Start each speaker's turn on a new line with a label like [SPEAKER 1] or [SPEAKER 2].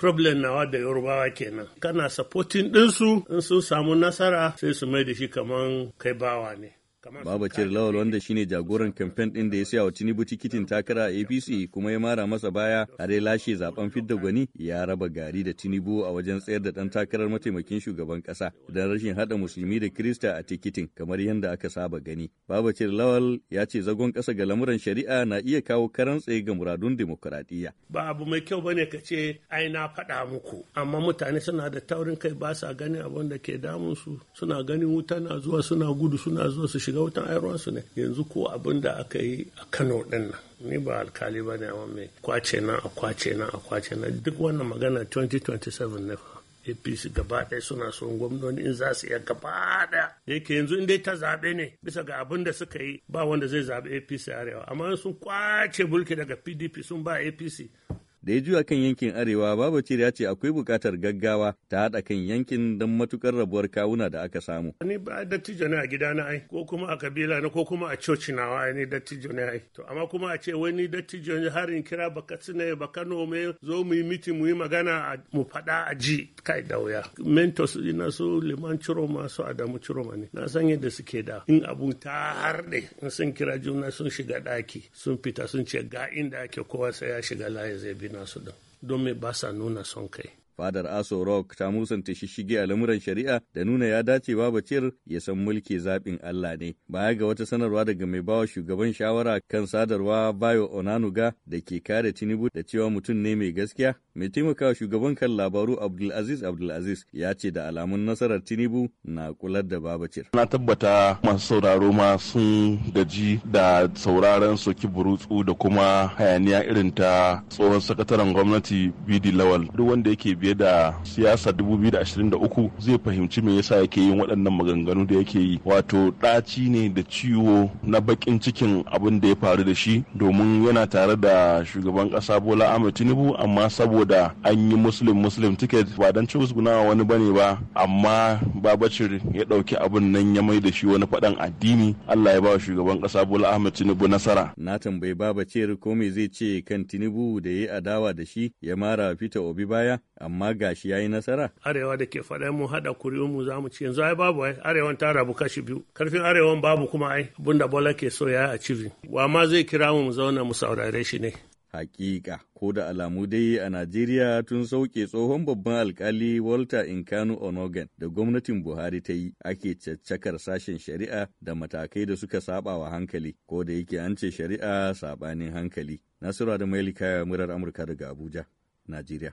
[SPEAKER 1] problem nawa da yorubawa kenan kana supporting ɗinsu in sun samu nasara sai su mai da shi kaman kai bawa ne
[SPEAKER 2] Baba Lawal wanda shine jagoran kamfen ɗin da ya siya wa Tinubu tikitin takara a APC kuma ya mara masa baya har ya lashe zaben fidda gwani ya raba gari da Tinubu a wajen tsayar da ɗan takarar mataimakin shugaban ƙasa don rashin haɗa musulmi da Kirista a tikitin kamar yadda aka saba gani. Baba Lawal ya ce zagon kasa ga lamuran shari'a na iya kawo karan tsaye ga muradun demokuraɗiyya.
[SPEAKER 1] Ba abu mai kyau bane ka ce ai na faɗa muku amma mutane suna da taurin kai ba sa ganin abin da ke damunsu suna ganin wuta na zuwa suna gudu suna zuwa su shiga wutan ayarwansu ne yanzu ko abin da aka yi a kano din nan ni ba alkali ba ne amma mai kwace na a kwace na a kwace na duk wannan magana 2027 ne fa apc gaba ɗaya suna son gwamnoni in za su iya gaba ɗaya yake yanzu in dai ta zaɓe ne bisa ga abin da suka yi ba wanda zai zaɓi apc arewa amma sun kwace bulki daga pdp sun ba apc
[SPEAKER 2] da ya juya kan yankin arewa babu ya ce akwai buƙatar gaggawa ta haɗa kan yankin don matukar rabuwar kawuna da aka samu.
[SPEAKER 1] Ni ba dattijo ne a gida na ai ko kuma a kabila na ko kuma a coci nawa ni dattijo ne ai. To amma kuma a ce wani dattijo ne har kira baka tsine baka nome zo mu yi miti mu yi magana mu faɗa a ji kai da wuya. Mentos ina su liman ciroma su Adamu ciroma ne na san yadda suke da in abu ta harɗe in sun kira juna sun shiga ɗaki sun fita sun ce ga inda ake kowa sai ya shiga layi zai bi na nasu ɗin don me ba sa nuna son kai
[SPEAKER 2] Fadar Aso Rock ta musanta shishige a lamuran shari'a da nuna ya dace Babacir ya san mulki zaɓin Allah ne. Baya ga wata sanarwa daga mai bawa shugaban shawara kan sadarwa Bayo Onanuga da ke kare Tinubu da cewa mutum ne mai gaskiya. Mai taimakawa shugaban kan labaru Abdulaziz Abdulaziz ya ce da alamun nasarar Tinubu na kular da Babacir. Na tabbata
[SPEAKER 3] masu sauraro ma sun gaji da sauraron soki burutsu da kuma hayaniya irin ta tsohon sakataren gwamnati Bidi Lawal. Duk wanda yake biya fiye da siyasa 2023 zai fahimci me yasa yake yin waɗannan maganganu da yake yi wato ɗaci ne da ciwo na bakin cikin abin da ya faru da shi domin yana tare da shugaban ƙasa bola ahmed tinubu amma saboda an yi muslim muslim ticket ba don cewa su wani bane ba amma babacir ya ɗauki abin nan ya mai da shi wani faɗan addini allah ya ba shugaban ƙasa bola ahmed tinubu nasara
[SPEAKER 2] na tambayi babacir ko me zai ce kan tinubu da ya yi adawa da shi ya mara fita obi baya amma gashi ya yi nasara. Arewa da ke faɗa mu haɗa mu za mu ci yanzu ai babu ai arewan
[SPEAKER 1] ta rabu kashi biyu karfin arewan babu kuma ai abinda bola ke so ya yi wa ma zai kira mu mu zauna mu saurare shi ne.
[SPEAKER 2] Hakika, ko da alamu dai a Najeriya tun sauke tsohon babban alkali Walter Inkanu Onogan da gwamnatin Buhari ta yi ake caccakar sashen shari'a da matakai da suka saba wa hankali, ko da yake an ce shari'a sabanin hankali. Nasiru da Mailika murar Amurka daga Abuja, Najeriya.